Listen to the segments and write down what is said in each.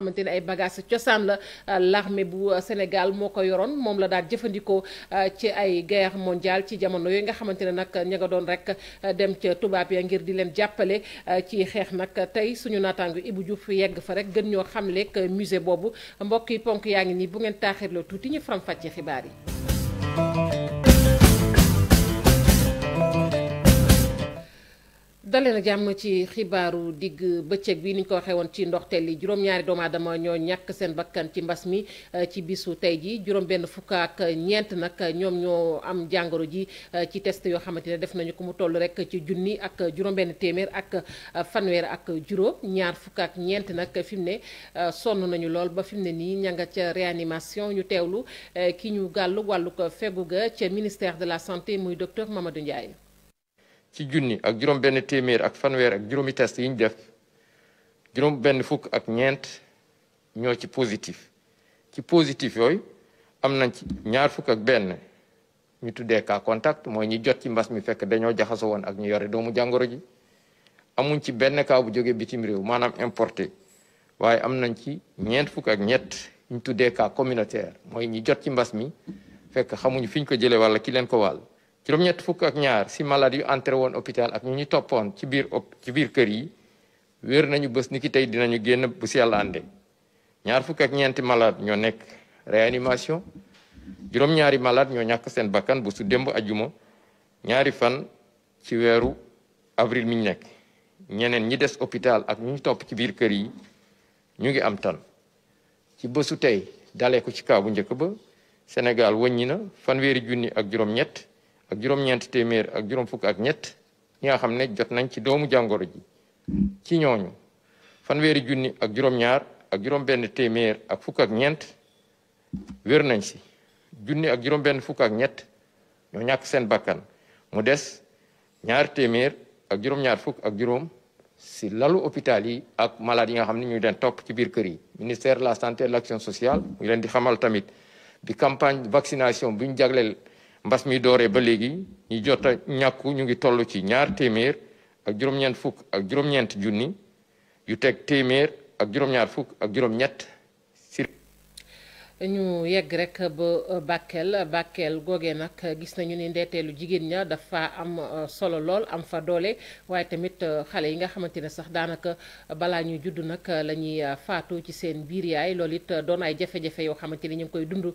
xamante ne ay bagages cosaan la euh, l'armée bu euh, Sénégal moo ko yoroon moom la daal jëfandikoo euh, ci ay guerre mondiale ci jamono yooyu nga xamante ne nag ña nga doon rek dem ca tubaab ya ngir di leen jàppale ci xeex nag tey suñu naataango Ibou Diouf yegg fa rek gën ñoo xam ak musée boobu mbokk yi ponk yaa ngi nii bu ngeen taaxirloo tuuti ñu faram-fàccee xibaar yi. dalee na jàmm ci xibaaru digg bëccëg bi ni ñu ko waxee woon ci ndoxteel li juróom-ñaari doomu aadama ñoo ñàkk seen bakkan ci mbas mi euh, ci bisu tey ji juróom-benn fukk ñeent nag ñoom ñoo am jàngoro ji euh, ci test yoo xamante ne def nañu ko mu toll rek ci junni ak juróom téeméer ak euh, fanweer ak juróom ñaar fukk nag fi mu ne sonn nañu lool ba fi mu ne nii ña nga ca réanimation ñu teewlu ki ñu gàllu wàllu ko fegu ga ca ministère de la santé muy docteur Mamadou Ndiaye. ci junni ak juróom benn téeméer ak fanweer ak juróomi test yi ñu def juróom benn fukk ak ñeent ñoo ci positif ci positif yooyu am nañ ci ñaar fukk ak benn ñu tuddee cas contact mooy ñi jot ci mbas mi fekk dañoo jaxaso woon ak ñu yore doomu jàngoro ji amuñ ci benn cas bu jógee bitim réew maanaam importé waaye am nañ ci ñeent fukk ak ñett ñu tuddee cas communautaire mooy ñi jot ci mbas mi fekk xamuñu fi ñu ko jëlee walla ki leen ko wàll juróom-ñett fukk ak ñaar si malade yu entre woon hôpital ak ñu ñu toppoon ci biir ci biir kër yi wér nañu bës ni ki tey dinañu génn bu si yàlla ñaar fukk ak ñeenti malade ñoo nekk réanimation juróom-ñaari malade ñoo ñàkk seen bakkan bu su démb ajuma ñaari fan ci weeru avril mi nekk ñeneen ñi des hôpital ak ñu topp ci biir kër yi ñu ngi am tan ci bësu tey dalee ko ci kaw njëkk ba Sénégal wëññi na fanweeri junni ak juróom-ñett ak juróom-ñeenti téeméer ak juróom fukk ak ñett ñi xam ne jot nañ ci doomu jàngoro ji ci ñooñu fanweeri junni ak juróom-ñaar ak juróom-benn téeméer ak fukk ak ñeent wér nañ si junni ak juróom-benn fukk ak ñett ñoo ñàkk seen bakkan mu des ñaar téeméer ak juróom-ñaar fukk ak juróom si lalu hôpital yi ak malade yi nga xam ne ñu leen topp ci biir kër yi ministère la santé de l'action sociale mu leen di xamal tamit bi campagne vaccination bi ñu mbas mi dooree ba léegi ñu jot a ñàkku ñu ngi toll ci ñaar téeméer ak juróom-ñeent fukk ak juróom-ñeent junni yu teg téeméer ak juróom-ñaar fukk ak juróom-ñett ñu yegg rek ba euh, Bakel Bakel googee nag gis nañu ni ndeeteelu jigéen ña dafa am euh, solo lool am fa doole waaye tamit euh, xale yi nga xamante ne sax daanaka balaa ñuy judd nag lañuy ñuy faatu ci seen biir yaay loolu it doon ay jafe-jafe yoo xamante ni ñu koy dund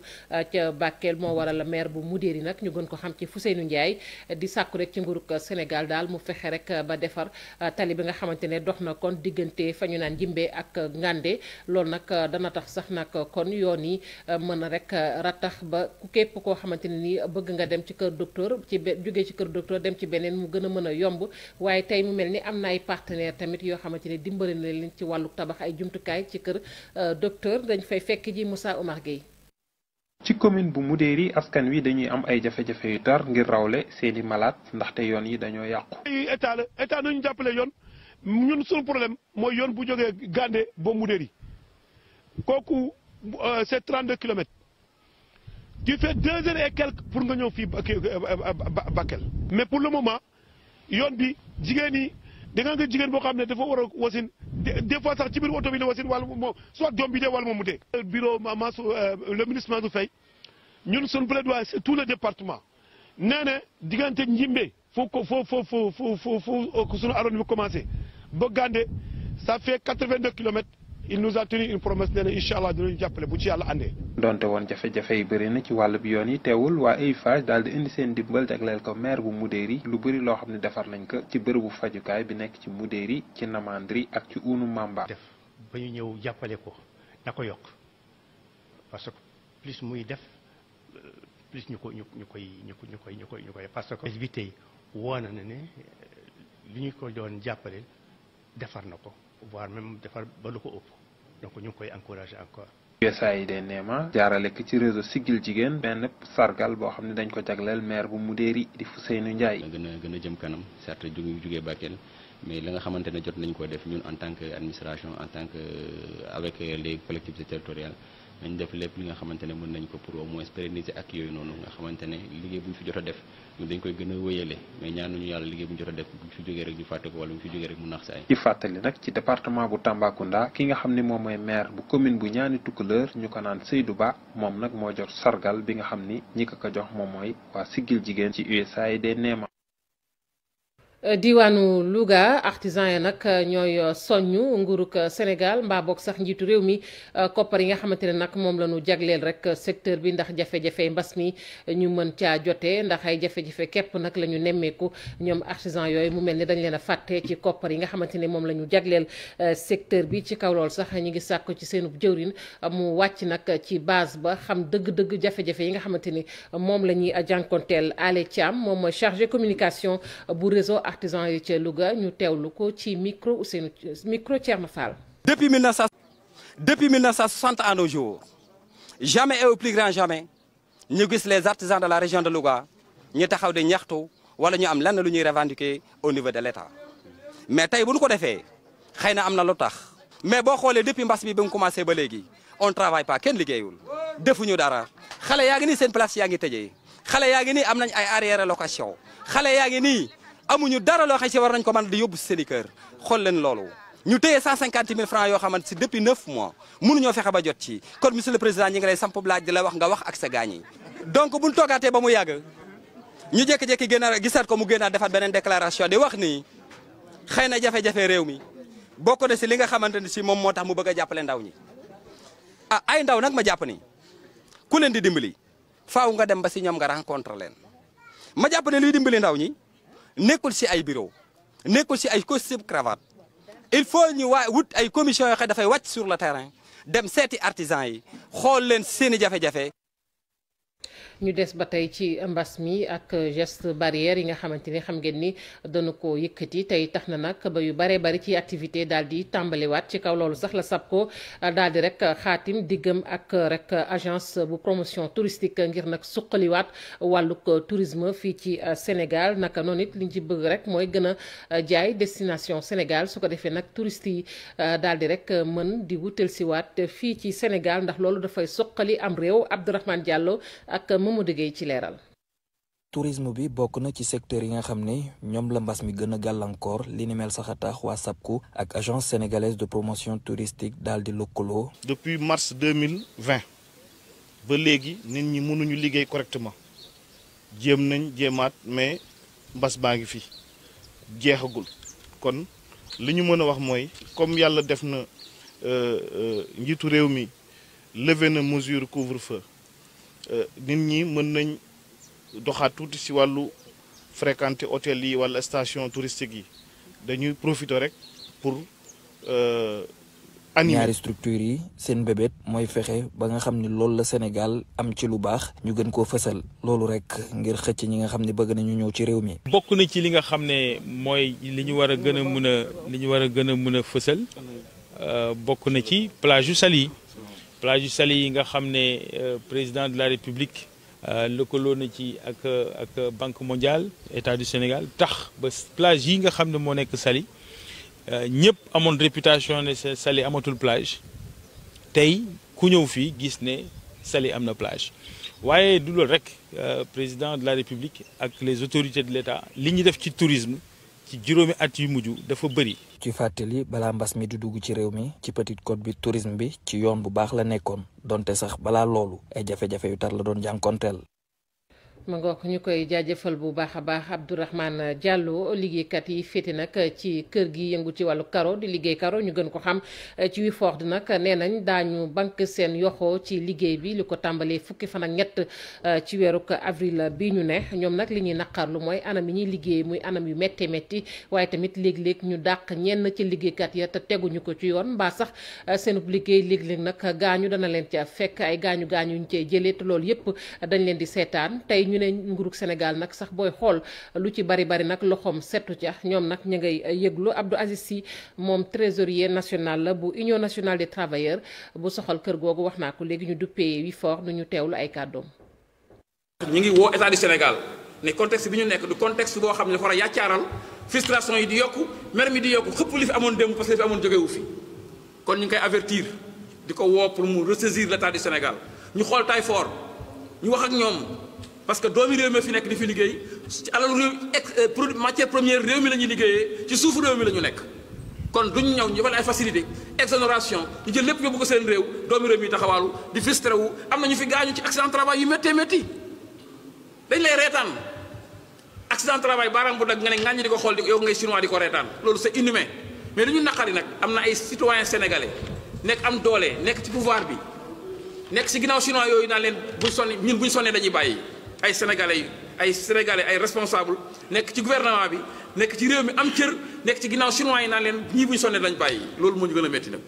ca Bakel moo waral maire bu Moudéri nag ñu gën ko xam ci fu seenu Ndiaye di sàkku rek ci nguurug Sénégal daal mu fexe rek ba defar tali bi nga xamante ne dox na kon diggante fa ñu naan Jimbe ak Ngande loolu nag dana tax sax nag kon yoon yi Euh, mën a rek euh, ratax ba ku képp koo xamante ne nii bëgg nga dem ci kër docteur ci be jógee ci kër docteur dem ci beneen mu gën a mën a yomb waaye tey mu mel ni am na ay partenaire tamit yoo xamante ne dimbali na leen ci wàllu tabax ay jumtukaay ci kër euh, docteur dañ fay fekk ji Moussa Oumar Gueye ci commune bu Mudéeri askan wi dañuy am ay jafe-jafe yu tar ngir rawle seeni malade ndaxte yoon yi dañoo yàqu. état la état nañu jàppale yoon ñun suñu problème mooy yoon bu jógee Gandé ba Mudéeri kooku c' est 32 kilomètres tu fais deux heures et quelques pour nga ñëw fi euh, euh, euh, Bakel mais pour le moment yoon bi jigéen yi da nga nga jigéen boo xam ne dafa war a wasin des fois sax oto bi la wasin wala moom soit doom bi dee wala moom mu dee bureau Mansour le ministre Mansour Faye ñun suñu plaidoyer c'est tout le département nee na diggante Njimbe foo ko foo foo foo foo foo suñu arrondissement bi commencé ba Gandé ça fait 82 kilomètres il nous a tenu une promesse nee na incha jàppale bu ci yàlla àndee. donte woon jafe-jafe yi bëri na ci wàllub yoon yi teewul waa Eiffage daal di indi seen dimbal jagleel ko maire bu Mudéeri lu bëri loo xam ne defar nañ ko ci bërëbu fajukaay bi nekk ci Mudéeri ci Namandri ak ci Ounu Mamba. def ba ñu ñëw jàppale ko na ko yokk parce que plus muy def euh, plus ñu ko ñu koy ñu koy ñu koy ñu koy parce que. bi tey woon na ne euh, lu ñu ko doon jàppale defar na ko. voire même defar ba lu ko ëpp donc ñu ngi koy encourager encore. USAID Nema jaarale lekk ci réseau Siggil Jigéen benn sargal boo xam ne dañ ko jagleel maire bu Mudéeri di Fouseynou Ndiaye. gën a gën a jëm kanam certes ju jugee Bakel mais la nga xamante ne jot nañ ko def ñun en tant que administration en tant que avec les collectivités territoriales. nañ def lépp li nga xamante ne mën nañ ko pour au moins pérenniser ak yooyu noonu nga xamante ne liggéey bu ñu fi jot a def ñu dañ koy gën a wéyale mais ñaanuñu yàlla liggéey bu ñu jot a def bu ñu fi jógee rek ñu fàtte ko wala bu ñu fi jógee rek mu nax si ay. ci fàttali nag ci département bu Tambacounda ki nga xam ne moom mooy maire bu commune bu ñaani tukkuleur ñu ko naan Seydou Ba moom nag moo jot sargal bi nga xam ni ñi ko ko jox moom mooy waa Siggil Jigéen ci USAID Neema Euh, diwaanu Louga artisan yi nag euh, ñooy euh, soññu nguurug Sénégal mbaa boog sax njiitu réew mi koppar yi nga xamante ne nag moom la ñu jagleel rek secteur bi ndax jafe mbas mi ñu mën caa jotee ndax ay jafe képp nag la ñu nemmeeku ñoom artisan yooyu mu mel ni dañ leen a fàtte ci koppar yi nga xamante ne moom la ñu jagleel secteur bi ci kaw lool sax ñu ngi sàkk ci seenub jëwrin mu wàcc nag ci base ba xam dëgg-dëgg jafe-jafe yi nga xamante ni moom la ñuy jànkonteel Ale Thiam moom mooy chargé communication bu réseau artisans yi ca Louga ñu teewlu ko ci micro Ousseynou micro Thierno Fall. depuis 1960 depuis 1960 à nos jours jamais et au plus grand jamais ñu gis les artisans de la région de Louga ñu taxaw de ñaxtu wala ñu am lenn lu ñuy revendiquer au niveau de l' état mais tey bu nu ko defee xëy na am na lu tax. mais boo xoolee depuis mbas bi ba mu commencé ba léegi on travaille pas kenn liggéeyul defuñu dara xale yaa ngi nii seen place yaa ngi tëjee xale yaa ngi nii am nañ ay arrière location xale amuñu dara loo xam si war nañ ko mën di yóbbu si seen i kër xool leen loolu ñu téye 150 000 francs yoo xamante si depuis 9 mois mënuñoo fexe ba jot ci kon monsieur le président ñi ngi lay samp laaj la wax nga wax ak sa gaañ yi donc buñ toogaatee ba mu yàgg ñu jékki-jékki gën a gisaat ko mu gën a defaat beneen déclaration di wax ni xëy na jafe-jafe réew mi bokk na si li nga xamante ni si moom moo tax mu bëgg a jàppale ndaw ñi ah ay ndaw nag ma jàpp ni ku leen di dimbali faaw nga dem ba si ñoom nga rencontre leen ma jàpp ne luy dimbali ndaw ñi nekkul si ay bureau nekkul si ay costume cravate il faut ñu waa wut ay commission yoo xam dafay wàcc sur le terrain dem seeti artisan yi xool leen seen i jafe-jafe ñu des ba tey ci mbas mi ak geste barrière yi nga xamante ni xam ngeen ni dana ko yëkkati tey tax na nag ba yu baree bari ci activité daal di tàmbaliwaat ci kaw loolu sax la SAPCO daal di rek xaatim diggam ak rek agence bu promotion touristique ngir nag suqaliwaat wàllug tourisme fii ci Sénégal naka noonu it liñ ci bëgg rek mooy gën a jaay destination Sénégal su ko defee nag touristes yi euh, daal di rek mën di wutal siwaat fii ci Sénégal ndax loolu dafay soqali am réew Abdourahmane Diallo ak. Mamadou Gueye ci leeral. tourisme bi bokk na ci secteur yi nga xam ne ñoom la mbas mi gën a gàllankoor li ni mel sax a tax waa SAPCO ak agence sénégalaise de promotion touristique daal di lëkkaloo. depuis mars deux mille vingt ba léegi nit ñi mënuñu liggéey correctement jéem nañ jéemaat mais mbas baa ngi fi jeexagul kon li ñu mën a wax mooy comme yàlla def na euh, euh, njiitu réew mi levé na mesure couvre-feu. Euh, nit ñi mën nañ doxaat tuuti si wàllu fréquenter hôtel yi wala station touristique yi dañuy profiter rek pour. Euh, animé ñaari structure yi seen bébét mooy fexe ba nga xam ni loolu la Sénégal am ci lu baax ñu gën koo fësal loolu rek ngir xëcc ñi nga xam ne bëgg nañu ñëw ci réew mi. bokk na ci li nga xam ne mooy li ñu war a gën a mun a li ñu war a gën a mën a fësal euh, bokk na ci plage yu Saly plage yu sali yi nga xam ne euh, président de la république euh, lëkkaloo na ci ak ak banque mondiale état du Sénégal tax ba plage yi nga xam ne moo nekk sali euh, ñëpp amoon réputation ne sali amatul plage tey ku ñëw fii gis ne sali am na plage waaye du loolu rek président de la république ak les autorités de l' li ñu def ci tourisme ci juróomi at yu mujj dafa bëri. ci fàttali balaa mbas mi di dugg ci réew mi ci Petite Côte bi tourisme bi ci yoon bu baax la nekkoon donte sax balaa loolu ay jafe-jafe yu tar la doon jànkonteel. ma ngoog ñu koy jaajëfal bu baax a baax Abdourahmane Diallo liggéeykat yi féete nag ci kër gi yëngu ci wàllu karo di liggéey karo ñu gën ko xam ci di nag nee nañ daañu bank seen yoxoo ci liggéey bi li ko tàmbalee fukki fan ak ñett euh, ci weeruk avril ñu ne ñoom nag li ñuy naqarlu mooy anam yi ñuy liggéey muy anam yu métti métti waaye tamit léeg-léeg ñu dàq ñenn ci liggéeykat ya te teguñu ko ci yoon mbaa sax euh, seen liggéey léeg-léeg nag gaañu dana leen ca fekk ay gaañu gaañu ñu cee jëlee te loolu yëpp dañ leen di seetaan tey ñu ne nguurug Sénégal nag sax booy xool lu ci bari bari nag loxoom setu ca ñoom nag ñu ngay yëglu Abdou Aziz Sy moom trésorier national la bu Union nationale des travailleurs bu soxal kër googu wax naa ko léegi ñu duppee wi fort nu ñu teewlu ay kàddoom. ñu ngi woo état du Sénégal ne contexte bi ñu nekk du contexte boo xam ne dafa war a yàccaaral yi di yokk mer mi di yokku xëpp li fi amoon démb parce que li fi amoon jógewu fi kon ñu ngi koy avertir di ko woo pour mu ressaisir l'état du Sénégal ñu xool taay fort parce que doomi réew mi fi nekk di fi liggéey ci alal réew euh, matière première réew mi la ñuy liggéeyee ci suufu réew mi la ñu nekk kon duñ ñëw ñu defal facilité exonération ñu jël lépp yóbbu ko seen réew doomi réew mi taxawaalu di fistré wu am na fi gaañu ci accident travail yu méttee métti dañ lay reetaan accident travail baaraam bu dag nga ne ngaañ di ko xool di yow ngay chinois di ko reetaan loolu c'est inhumain mais lu ñu naqari nag am na ay citoyen sénégalais nekk am doole nekk ci pouvoir bi nekk si ginnaaw chinois yooyu naan leen buñ sonni ñun buñ sonnee dañuy bàyyi. ay sénégalais yu ay sénégalais ay responsable nekk ci gouvernement bi nekk ci réew mi am cër nekk ci ginnaaw chinois yi naa leen ñii bu ñu sonnee dañ bàyyi loolu moo ñu gën a métti nag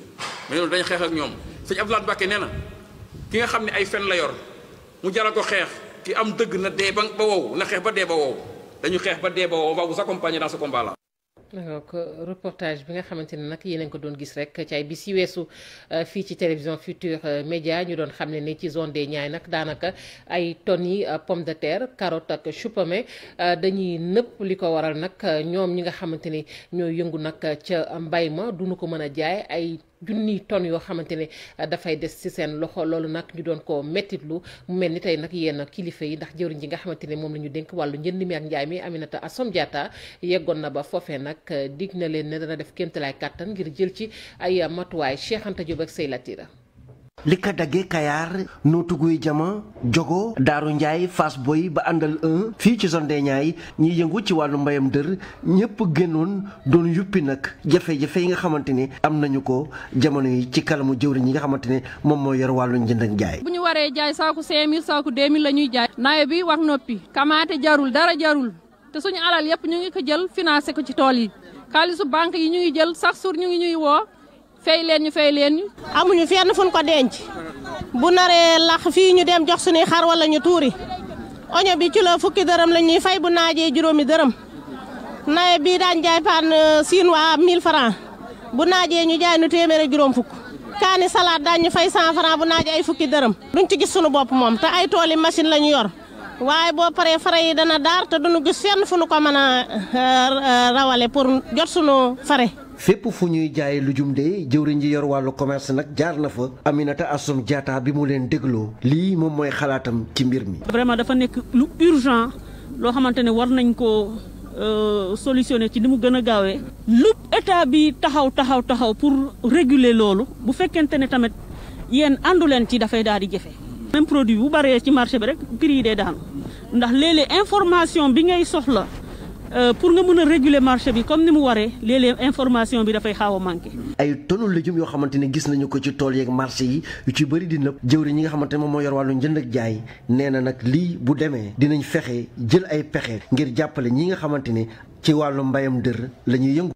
mais loolu xeex ak ñoom sëñ Abdoulaye Mbacké nee na ki nga xam ne ay fen la yor mu jaral ko xeex ki am dëgg na dee ba wow na xeex ba dee ba wow dañu xeex ba dee ba wow on va vous accompagner dans donc euh, reportage bi nga xamante ni nag yéen a ko doon gis rek ci ay bis yi weesu euh, fii ci télévision Futur euh, Média ñu doon xam ne ni ci zone des Niayes nag daanaka ay tonnes pomme de terre carotte ak chou pommé dañuy nëpp li ko waral nag ñoom ñi nga xamante ni ñooy yëngu nag ca mbay ma duñu ko mën a jaay ay junniy tonnes yoo xamante ne ah, dafay des ci seen loxo loolu nag ñu doon ko mettitlu mel ni tey nag yéen kilifa yi ndax jëwriñ ji nga xamante ne moom la ñu dénk wàllu njënd mi ak njaay mi Aminata Assome Diatta yeggoon na ba foofee nag ah, dig na leen ne dana def kéemtalaay kàttan ngir jël ci ay matuwaay Cheikh Anta Diop ak Sey Latira li ko kayaar nootu guy Jama Jogo Daaru Njaay fas Boy ba àndal 1 fii ci zone des Niayes ñiy yëngu ci wàllu mbayam dër ñëpp génnoon doon yuppi nag jafe-jafe yi nga xamante ne am nañu ko jamono yi ci kalamu jëwriñ yi nga xamante ne moom moo yor wàllu njënd ak jaay. bu ñu waree jaay saako 5000 saako 2000 la ñuy jaay. nawet bi wax noppi. kamaate jarul dara jarul te suñu alal yëpp ñu ngi ko jël financé ko ci tool yi xaalisu banque yi ñu ngi jël sax suur ñu ngi ñuy woo. fay leen ñu fay leen ñu. amuñu fenn fuñ ko denc bu naree lax fii ñu dem jox suñuy xar wala ñu tuuri oño bi ci la fukki dërëm la ñuy fay bu naajee juróomi dërëm nawet bii daan jaay paan euh, chinois mil francs bu naajee ñu jaay nu téeméeri juróom fukk. kaani salaat daan ñu fay 100 francs bu naaje ay fukki dërëm. duñ ci gis suñu bopp moom te ay tooli machine la ñu yor waaye boo paree fare yi dana daar te duñu gis fenn fu ko mën a euh, euh, rawale pour jot suñu fare. fépp fu ñuy jaayee lujum de jëwriñ ji yor wàllu commerce nag jaar na fa Aminata Assome Diatta bi mu leen dégloo lii moom mooy xalaatam ci mbir mi. vraiment dafa nekk lu urgent loo xamante ne war nañ ko euh, solutionné ci li mu gën a gaawee. lu état bi taxaw taxaw taxaw pour réguler loolu bu fekkente ne tamit yéen àndu leen ci dafay daal di jafe. même produit bu baree ci marché bi rek prix yi dee daanu ndax léeg-léeg bi ngay soxla. Euh, pour nga mën a réguler marché bi comme ni mu waree léeg-léeg information bi dafay xaaw a manqué. ay tonu légumes yoo xamante ne gis nañu ko ci tool yeeg marché yi yu ci bëri di nëb. jëwri ñi nga xamante ne moom moo yor wàllu njënd ak jaay nee na nag lii bu demee dinañ fexe jël ay pexe ngir jàppale ñi nga xamante ne ci wàllu mbayam dër la ñuy yëngu.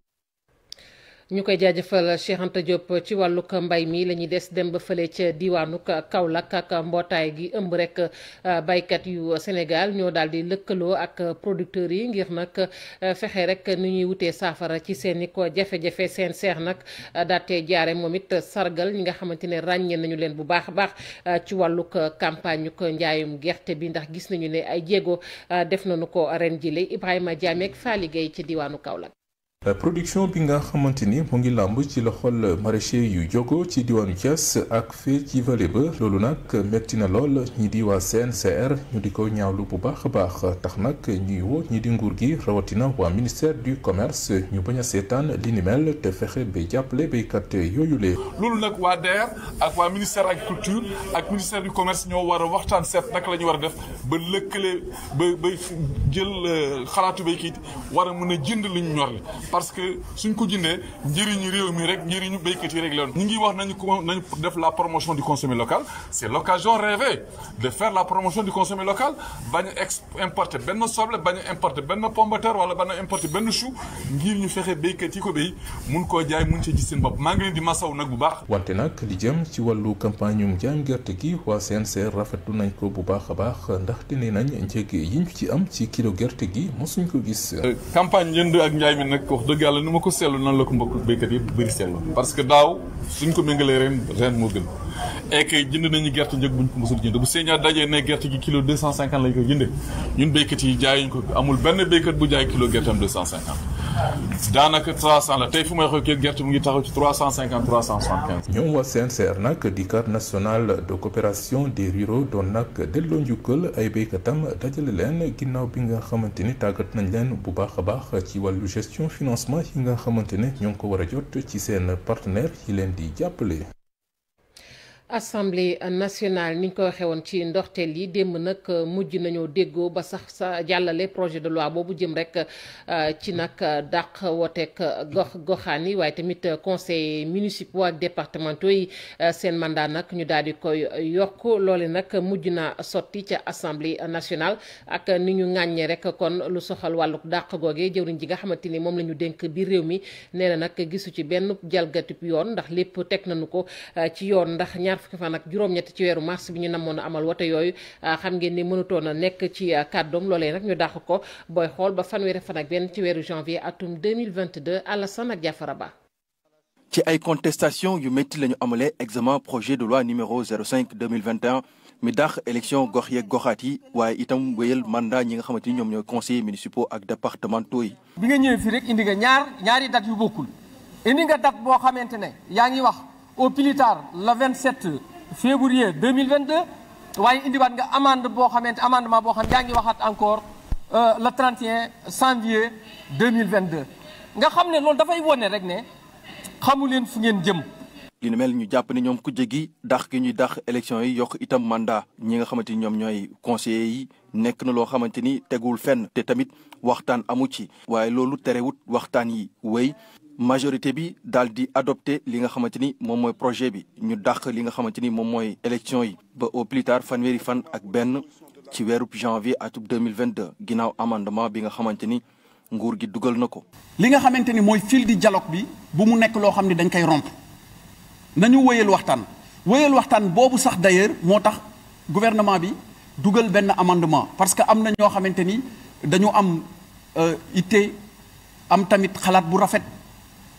ñu koy jaajëfal Cheikh Anta ci wàllug mbay mi la ñuy des dem ba fële ca diwaanu Kaolack ak mbootaay gi ëmb rek euh, baykat yu Sénégal ñoo daal di lëkkaloo ak producteurs yi ngir nag euh, fexe rek ni ñuy wutee saafara ci seen i ko jafe-jafe seen seex nag euh, daatee jaare moom it sargal ñi nga xamante ne ràññee nañu leen bu baax a baax ci wàllug campagne ko njaayum gerte bi ndax gis nañu ne ay jéego def nañu ko ren jile Ibrahima Diame ak Faly Gueye ci diwaanu Kaolack. Euh, production bi nga xamante ni mu ngi làmb ci loxol maraîcher yu jogo ci diwaanu Thiès ak fee ci vallée ba loolu nag metti na lool ñi di waa CNCR ñu di ko ñaawlu bu baax baax tax nag ñuy woo ñi di nguur gi rawatina waa ministère du commerce ñu bañ a seetaan li ni mel te fexe ba jàppale béykat yooyu lee loolu nag waa DER ak waa ministère agriculture ak ministère du commerce ñoo war a waxtaan seet naka la ñu war a def ba lëkkale ba ba jël euh, xalaatu béykat war a mën a jënd liñ ñor parce que suñ ko jëndee njëriñu réew mi rek njëriñu béykat yi rek la ñu ngi wax nañu comment nañu def la promotion du consommé local c' est l' occasion rêvée de faire la promotion du consommé local bañ a ex importer benn soble wala bann importer benn pomme de terre wala bañ a benn chou ngir ñu fexe béykat yi ko béy mun koo jaay mun ci gis seen bopp maa ngi leen di masaw nag bu baax. wante nag li jëm ci wàllu campagne um jaam gerte gi waa CNCR rafetlu nañ ko bu baax a baax ndaxte nee nañ njëg yi ñu ci am ci kilo gerte gi mosuñ euh, ak wax dëgg yàlla ni ma ko seetlu nan la ko mbokk béykat yi bëri seetlu parce que daaw suñ ko méngalee ren ren moo gën et que jënd nañu gerte njëg buñ ko mësul jënd bu seeñaa dajee ne gerte gi kilo deux cent cinquante lañ ko jënde ñun béykat yi jaayuñ ko amul benn béykat bu jaay kilo gerteem deux cent cinquante daanaka trois cent la tey fu may xool gerte mu ngi taxaw ci trois cent cinquante trois cent soixante-quinze ñoom waa CNCR nag di cadre national de coopération de ruraux doon nag delloo njukkal ay béykatam dajale leen ginnaaw bi nga xamante ni tàggat nañ leen bu baax a baax ci wàllu gestion financement yi nga xamante ne ñoo ngi ko war a jot ci seen partenaire yi leen di jàppale assemblée nationale ni ñu ko waxee woon ci ndorteel yi démb nag euh, mujj nañoo déggoo ba sax sa jàllale projet de loi boobu jëm rek euh, ci nag euh, dàq wooteek gox goxaan yi waaye tamit conseil municipaux ak départementaux yi seen mandat nag ñu daal di koy yokk loole nag mujj na sotti ca assemblée nationale ak ni ñu ŋàññee rek kon lu soxal wàlluk dàq googee jëwriñ ji nga xamante ni moom lañu dénk biir réew mi nee nag gisu ci benn jalgatib yoon ndax lépp teg nañu ko ci yoon ndax ñaar fukki fan ak juróom-ñett ci weeru mars bi ñu namoon a amal wote yooyu ah, xam ngeen ni mënutoon a nekk ci ah, xool ba fanweeri fan ak benn ci weeru janvier atum 2022 Alassane ak Diafara Ba ci ay contestation yu metti la ñu amalee examen projet de loi numéro 05 2021 mi dàq élection gox yeeg goxaat yi waaye itam wéyal mandat ñi nga xamante ni ñoom ñooy conseillers municipaux ak départementaux yi. bi nga ñëwee fii rek indi nga ñaar ñaari date yu bokkul indi nga date boo xamante ne yaa ngi wax. au plus tard le 27 février 2022 waaye indiwaat nga amende boo xamante amendement boo xam yaa ngi waxaat encore euh, le 31 janvier 2022 nga xam ne loolu dafay wone rek ne xamu leen fu ngeen jëm. li ni mel ñu jàpp ne ñoom ku jéggi dax gi ñuy dax élection yi yokk itam mandat ñi nga xamante ni ñoom ñooy conseillers yi nekk na loo xamante ni tegul fenn te tamit waxtaan amu ci waaye loolu terewut waxtaan yi wéy majorité bi daal di adopté li nga xamante ni moom mooy projet bi ñu dàq li nga xamante ni moom mooy élection yi ba au plus tard fanweeri fan ak benn ci weeru janvier atub 2022 ginnaaw amendement bi nga xamante ni nguur gi dugal na ko. li nga xamante ni mooy fil di dialogue bi bu mu nekk loo xam ne dañ koy romp nañu wëyal waxtaan wëyal waxtaan boobu sax d'ailleurs moo tax gouvernement bi dugal benn amendement parce que am na ñoo xamante ni dañu am euh, itte am tamit xalaat bu rafet.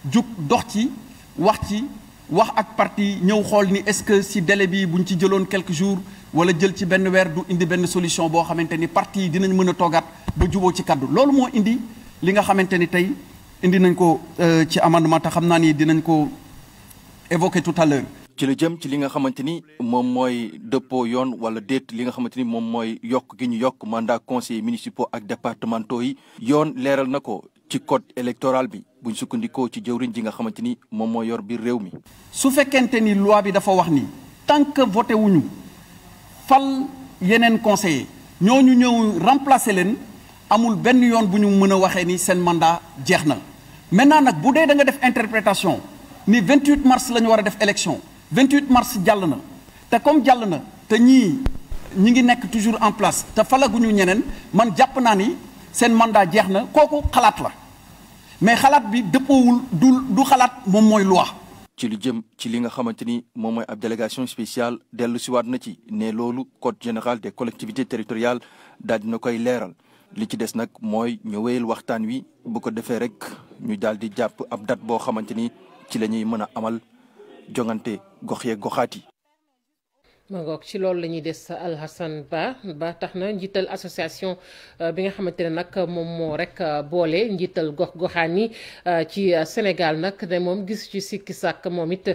jug dox ci wax ci wax ak parti ñëw xool ni est-ce que si délai bi buñ ci jëloon quelque jours wala jël ci benn weer du indi benn solution boo xamante ni parti yi dinañ mën a toogaat ba juboo ci kaddu loolu moo indi li nga xamante ni tey indi nañ ko euh, ci amendement te xam naa ni dinañ ko évoquer tout à l'heure ci lu jëm ci li nga xamante ni moom mooy dëppoo yoon wala déet li nga xamante ni moom mooy yokk gi ñu yokk mandat conseillers municipaux ak départementaux yi yoon leeral na ko ci code électoral bi bu sukkandikoo ci jëwriñ ji nga xamante ni moom moo yor biir réew mi. su fekkente ni loi bi dafa wax nii tant que voté wuñu fal yeneen conseiller ñu ñëw remplacer leen amul benn yoon bu ñu mën a waxee ni seen mandat jeex na maintenant nag bu dee da nga def interprétation ni 28 mars la ñu war a def élection 28 mars jàll na te comme jàll na te ñii ñi ngi nekk toujours en place te falaguñu ñeneen man jàpp naa ni seen mandat jeex na kooku xalaat la. mais xalaat bi dëppoowul du du xalaat moom mooy loi. ci lu jëm ci li nga xamante ni moom mooy ab délégation spéciale dellu siwaat na ci ne loolu code général des collectivité territoriales daal dina koy leeral li ci des nag mooy ñu wéyal waxtaan wi bu ko defee rek ñu daal di jàpp ab date boo xamante ni ci la ñuy mën a amal jongante gox yeeg goxaat yi. ma ci loolu la ñuy des Alhassane Ba ba tax na njiital association euh, bi nga xamante ne nag moom moo rek euh, boole njiital gox goxaan yi euh, ci Sénégal nag ne moom gis ci sikki sàkk moom it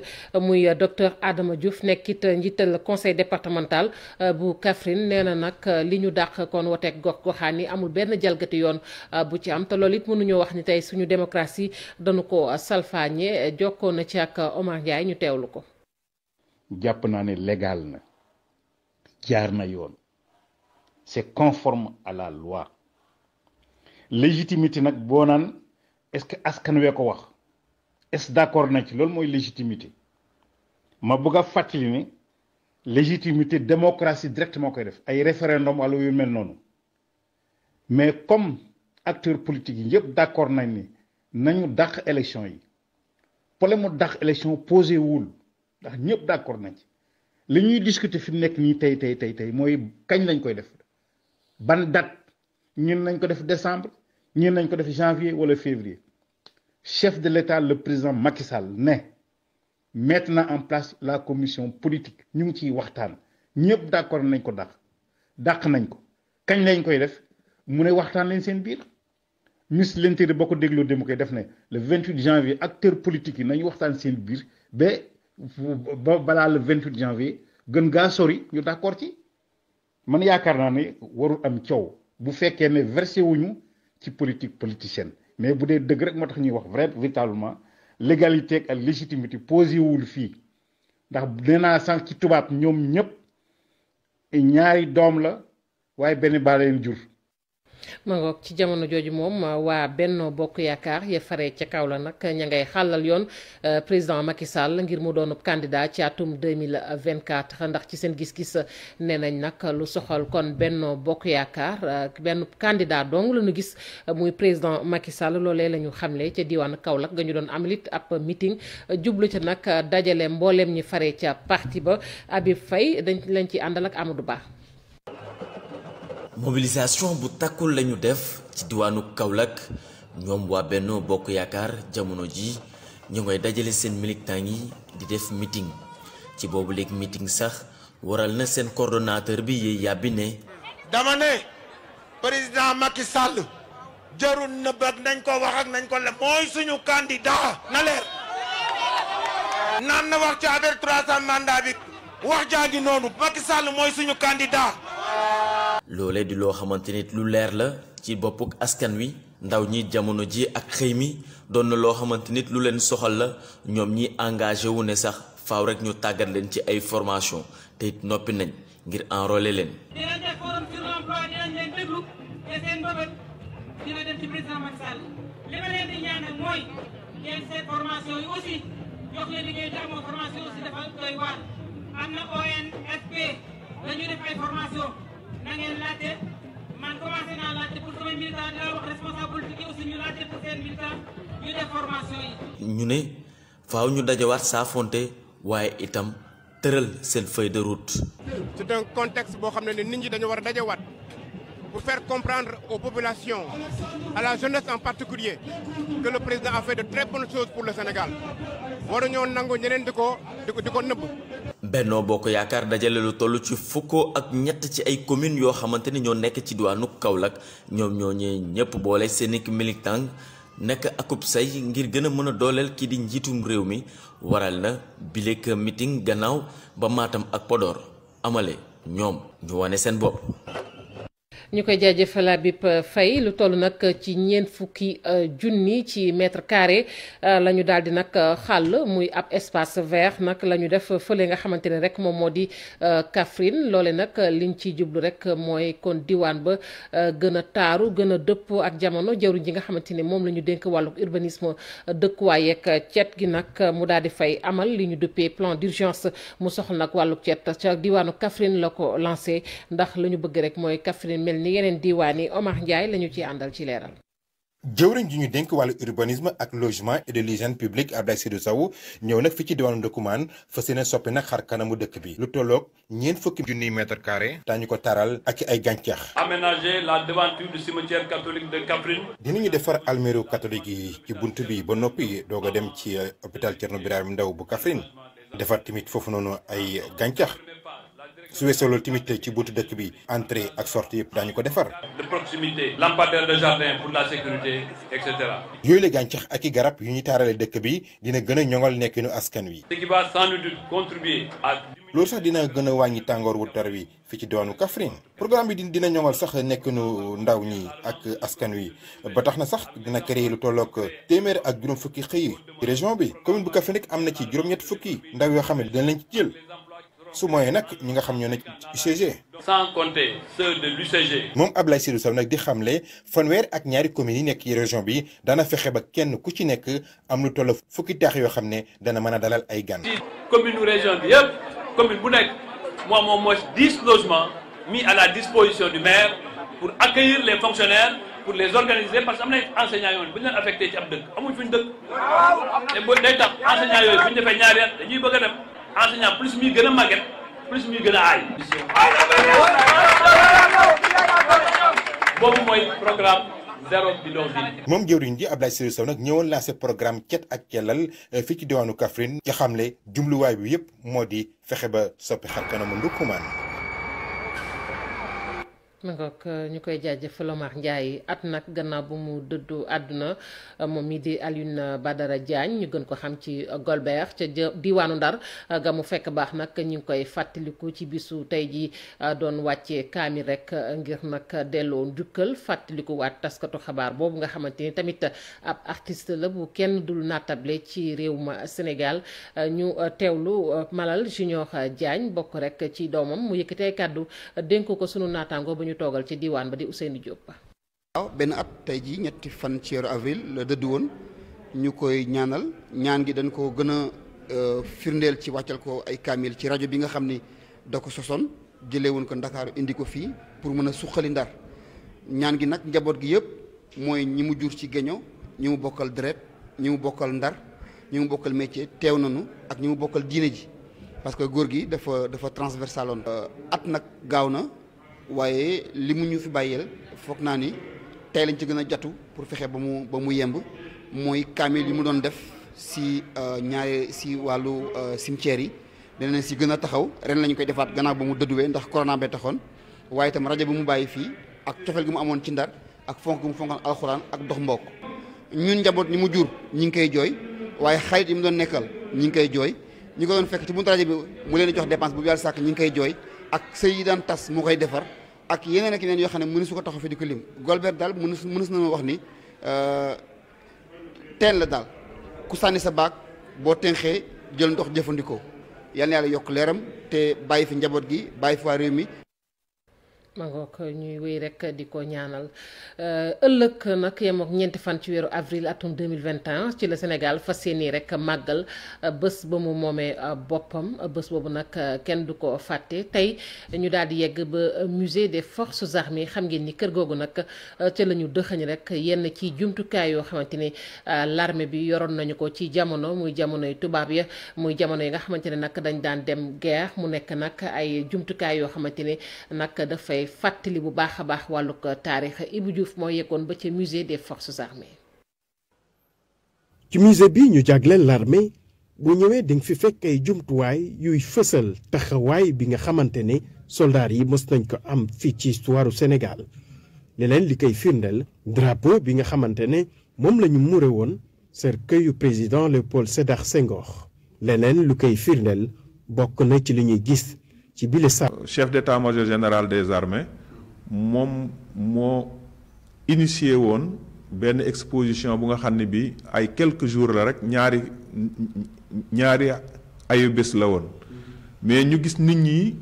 muy docteur Adama Diouf nekk it njiital conseil départemental bu Kaffrine nee na nag li ñu dàq kon woteeg gox goxaan yi amul benn jalgati yoon bu ci am te loolu it mënuñoo wax ni tey suñu démocratie dañu ko salfaañe jokkoon na ci ak Omar Ndiaye ñu teewlu ko. jàpp naa ne légal na jaar na yoon c'est conforme à la loi légitimité nag boo naan est-ce que askan wee ko wax est-ce d'accord na ci loolu mooy légitimité ma bëgg a fàttali ne légitimité démocratie direct moo koy def ay référendum wala yu mel noonu mais comme acteurs politique yi yëpp d'accord nañ ni nañu dàq élection yi problème mu dàq élection posé wul. ndax ñëpp d'accord nañ ci li ñuy discuter fi mu nekk nii tey tey tey tey mooy kañ lañ koy def ban date ñun nañ ko def décembre ñun nañ ko def janvier wala février chef de l'État le président Macky Sall ne mettre na en place la commission politique ñu ngi ciy waxtaan ñëpp d'accord nañ ko dàq dàq nañ ko kañ lañ koy def mu ne waxtaan leen seen biir miss de boo ko dégloo dem koy def ne le 28 janvier acteurs politique yi nañu waxtaan seen biir ba. ba balaa le vingt huit janvier gën gaa sori ñu d'accord ci man yaakaar naa ne warul am coow bu fekkee ne versé wuñu ci politique politicienne mais bu dee dëgg rek moo tax ñuy wax vrai véritablement légalité ak légitimité posé wul fii ndax nee naa sànq ci tubaab ñoom ñëpp ñaari doom la waaye benn baa leen jur. mangoog ci jamono jooju moom waa Benno Bokk Yaakaar ya fare ca kaw la nag ña ngay xàllal yoon euh, président Macky Sall ngir mu doonub candidat ci atum 2024 ndax ci seen gis-gis nee nañ nag lu soxal kon Benno Bokk Yaakaar euh, benn candidat dong la ñu gis muy président Macky Sall loolee la ñu xamle ca diwaan Kaolack ga ñu doon amalit ab meeting jublu ca nag dajale mbooleem ñi fare ca parti ba Habib fay dañ lañ ci àndal ak Amadou baax mobilisation bu takkul lañu def ci diwaanu Kaolack ñoom waa Benno Bokk Yaakaar jamono ji ñu ngay dajale seen militant yi di def mitin ci boobu léegi meeting sax waral na seen coordonnateur bi yee yàbbi ne dama ne président Macky Sall jarul na bëgg nañ ko wax ak nañ ko le mooy suñu candidat na leer naan na wax ci affaire 300 mandat bi wax jaa ngi noonu Macky mooy suñu candidat loolee di loo xamante nit lu leer la ci boppu askan wi ndaw ñi jamono ji ak xëy mi doon na loo xamante nit lu leen soxal la ñoom ñi engagé wu ne sax faaw rek ñu tàggat leen ci ay formation te noppi nañ ngir enrôler leen. dinañ def forum te seen bëbët dina dem ci président Macky liggéey te amoo formation aussi dafa am na ONFP dañuy def ay formation na ngeen laajte man commencé naa laajte pour samay militant dinaa wax responsable politique yi aussi ñu laajte pour seen militant ñu def formation yi. ñu ne faaw ñu dajawaat saafonte waaye itam tëral seen feuille de route. c'est un boo xam ne nit ñi dañu war a dajawaat. pour faire comprendre aux populations, à la en particulier, que le président a fait de très bonnes choses pour le Sénégal. waruñoo nangu ñeneen di ko di ko nëbb. Benno Bokk Yaakaar dajale lu toll ci fukk ak ñett ci ay communes yoo xamante ni ñoo nekk ci diwaanu Kaolack ñoom ñoo ñee ñëpp boole seeni militant nekk akub say ngir gën a mën a dooleel kii di njiitum réew mi waral na bileek mitin gannaaw ba maatam ak Podor amale ñoom ñu wane seen bopp. ñu koy jaajëfal Habib euh, Faye lu toll nag ci ñeent fukki euh, junni ci mètre carré euh, la ñu daal di nag xàll muy ab espace vert nag la ñu def fële nga xamante ne rek moom moo di Kaffrine loole nag liñ ciy jublu rek mooy kon diwaan ba gën a taaru gën a dëpp ak jamono jawriñ ji nga xamante ne moom la ñu dénk wàllu urbanisme dëkkuwaay yeeg cet gi nag mu daal di fay amal li ñu duppee plan d'urgence mu soxla nag wàllu cet ca diwaanu Kaffrine la ko lancé ndax la ñu bëgg rek mooy Kaffrine mel li ni yeneen diiwaan yi Omar Ndiaye la ñu ciy àndal ci leeral. jëwriñ ji ñu dénk wala urbanisme ak logement et de l'hygiène publique Abdoulaye Seydou saw ñëw nag fii ci diwaanu Ndoukoumane fas yéene soppi nag xar kanamu dëkk bi lu tolloog ñeent fukki junniy mètre carré daañu ko taral ak ay gàncax aménager la devanture du cimetière catholique de Kaffrine dinañu defar alméeru catholique yi ci bunt bi ba noppi doog a dem ci hôpital Thierno Birahim ndaw bu Kaffrine defar foofu noonu ay gàncax su weesoo loolu tamit ci buntu dëkk bi entrée ak sortie yëpp dañu ko defar. de de jardin pour la sécurité et yooyu la gàncax ak i garab yu ñuy taaralee dëkk bi dina gën a ñoŋal nekkinu askan wi. loolu sax dina gën a wàññi tàngoor wu tar wi fii ci diwaanu Kaffrine programme bi dina ñoŋal sax nekkinu ndaw ñi ak askan wi ba tax na sax dina créer lu tollook téeméer ak juróom fukki xëy ci région bi commune bu Kaffrine rek am na ci juróom-ñett fukki ndaw yoo xam ne dina leen ci jël su mooyee nag ñi nga xam ñoo nekk UCG. sans compter ceux de l'UCG. moom Abdoulaye Seydou Sow nag di xamle fanweer ak ñaari communes yi nekk ci région bi dana fexe ba kenn ku ci nekk am lu toll fukki taax yoo xam ne dana mën a dalal ay gan. ci commune région bi yëpp commune bu nekk mu am au moins mis à la disposition du maire pour accueillir les fonctionnaires. pour les organiser parce que am na enseignants yoo bu ñu leen affecté ci ab dëkk amuñ fuñ enseignant plus muy gën a plus muy gën aay. boobu mooy programme zéro bidonville. moom jëwriñ ji Abdoulaye Seydou Sow nag ñëwoon lancé programme cet ak cellal eh, fii ci diwaanu kafrin nga xam ne jumluwaay bi yëpp moo di fexe ba soppi xar ndukkumaan. ma ngoog euh, ñu koy jaajëfal Omar Ndiaye at nag gannaaw bu mu dëddu àdduna euh, moom mii di Alioune Badara Diagne ñu gën ko xam ci euh, Golbert ca diwaanu Ndar ga mu fekk baax nag ñu ngi koy fàttaliku ci bisu tey ji doon wàccee kaami rek ngir nag delloo njukkal fàttaliku waat taskatu xabaar boobu nga xamante ni tamit ab artist la bu kenn dul nattable ci réew ma Sénégal ñu teewlu Malal Junior Diagne bokk rek ci doomam mu yëkkatee kàddu dénk ko sunu naataango ñu toogal ci diwaan ba di Ousseynou Diop ba waaw benn at tey jii ñetti fan ci weeru avril la dëdd woon ñu koy ñaanal ñaan gi dañ ko gën a euh, firndeel ci wàccal ko ay kaamil ci rajo bi nga xam ni da ko sosoon jëlee woon ko Ndakaaru indi ko fii pour mën a suqali ndar ñaan gi nag njaboot gi yëpp mooy ñi mu jur ci géño ñi mu bokkal deret ñi mu bokkal ndar ñi mu bokkal métier teew nañu ak ñi mu bokkal diine ji parce que góor gi dafa dafa transversaloon euh, at nag gaaw na waaye li mu ñu fi bàyyeel foog naa ni tey lañ ci gën a jatu pour fexe ba mu ba mu yemb mooy kaamil yi mu doon def si euh, ñaari si wàllu euh, cimetière yi danañ si gën a taxaw ren lañ koy defaat gannaaw ba mu dëdduwee ndax corona bee taxoon waaye tam rajo bi mu bàyyi fii ak cofeel gi mu amoon ci ndar ak fonk gi mu fonkoon alxuraan ak dox mbokk ñun njaboot ñi mu jur ñi ngi koy jooy waaye xarit yi mu doon nekkal ñi ngi koy jooy ñi ko doon fekk ci buntu rajo mu leen di jox bu yàlla sàkk ñi ngi koy jooy ak sëy yi daan tas moo koy defar ak yeneen ak yeneen yoo xam ne mënu su ko taxaw fi di ko lim Golbert daal mënu mënus na ma wax ni euh, teen la daal ku sànni sa baag boo tenxee jël ndox jëfandikoo yal na yàlla yokk leeram te bàyyi fi njaboot gi bàyyi fi waa réew mi ma ngoog ñuy wéy rek di ko ñaanal euh, ëllëg nag yem ak ñeenti fan ci weeru avril atum 2021 ci la Sénégal fas yéene rek màggal euh, bés ba mu moomee euh, boppam bés boobu nag kenn du ko fàtte tey ñu daal di yegg ba musée des forces armées xam ngeen ni kër googu nag ca la ñu dëxañ rek yenn ci jumtukaay yoo xamante ni l'armée bi yoroon nañu ko ci jamono muy jamono yu tubaab ya muy jamono yi nga xamante ne nag dañ daan dem guerre mu nekk nag ay jumtukaay yoo xamante ni nag dafay fàttali bu baax a baax wàllug taarix Ibou Diouf moo ba ca musée des forces armées. ci musée bi ñu jagleel l'armée bu ñëwee di nga fi fekk ay jumtuwaay yuy fësal taxawaay bi nga xamante ne soldaar yi mës nañ ko am fii ci histoire Sénégal leneen li koy firndeel drapeau bi nga xamante ne moom la ñu muure woon yu président Léopold Sédar Senghor leneen lu koy firndeel bokk na ci li ñuy gis ci bile sa euh, chef d'état-major général des armées moom moo initié woon benn exposition bu nga xam ne bi ay quelques jours la rek ñaari ñaari ayu bés la woon mais ñu gis nit ñi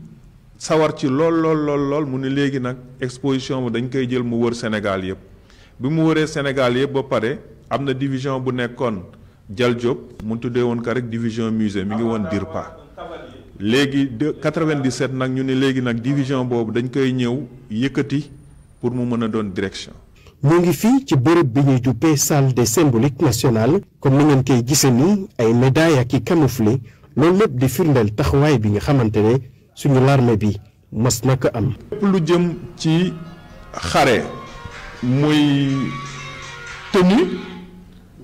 sawar ci lool lool lool lool mu ne léegi nag exposition bi dañ koy jël mu wër Sénégal yëpp bi mu wëree Sénégal yëpp ba pare am na division bu nekkoon Jal Diop mu tuddee woon ko rek division musée mi ngi woon DIRPA léegi de 97 nag ñu ne léegi nag division boobu dañ koy ñëw yëkkati pour mu mën a doon direction. mu ngi fii ci bërëb bi ñuy duppee salle de symboliques nationale comme ni ngeen koy gisee nii ay médailles ak i camouflé loolu lépp di firndeel taxawaay bi nga xamante ne suñu larme bi mas na ko am. lu jëm ci xare muy tenue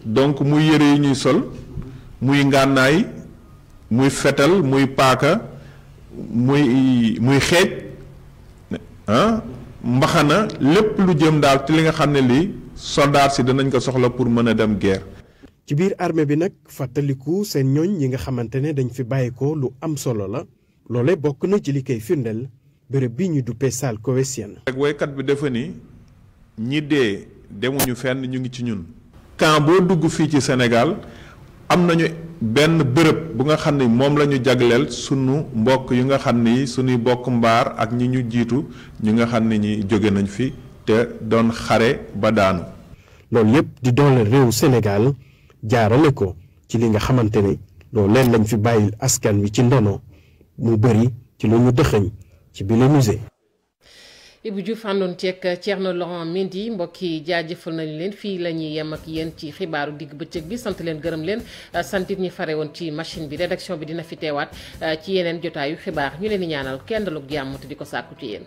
donc mu yëre yi ñuy sol muy ngànnaay. muy fetal muy paaka muy muy xeej ah mbaxana lépp lu jëm daal ci li nga xam ne lii soldat si danañ ko soxla pour mën a dem guerre. ci biir armée bi nag fàttaliku seen ñooñ yi nga xamante ne dañ fi bàyyi ko lu am solo la loole bokk na ci li koy firndeel bërëb bi ñu duppee salle Koweïtienne. rek woykat bi dafa ni ñi dee demuñu fenn ñu ngi ci ñun. camp boo dugg fii ci senegal am nañu benn bërëb bu nga xam ni moom la ñu jagleel sunu mbokk yi nga xam ni sunuy bokk mbaar ak ñi ñu jiitu ñi nga xam ni ñi jóge nañu fi te doon xare ba daanu. loolu yëpp di doole réew Sénégal jaarale ko ci li nga xamante ne loolu leen lañ fi bàyyil askan wi ci ndono mu bëri ci lu ñu dëxëñ ci bi la Ibou Diouf àndoon ceeg Thierno Laurent Mendy mbokk yi jaajëfal nañu leen fii la ñuy yem ak yéen ci xibaaru digg bëccëg bi sant leen gërëm leen santit ñi fare woon ci machine bi rédaction bi dina fi teewaat ci yeneen jotaayu xibaar ñu leen di ñaanal kenn dalug jàmm di ko saaku ci yéen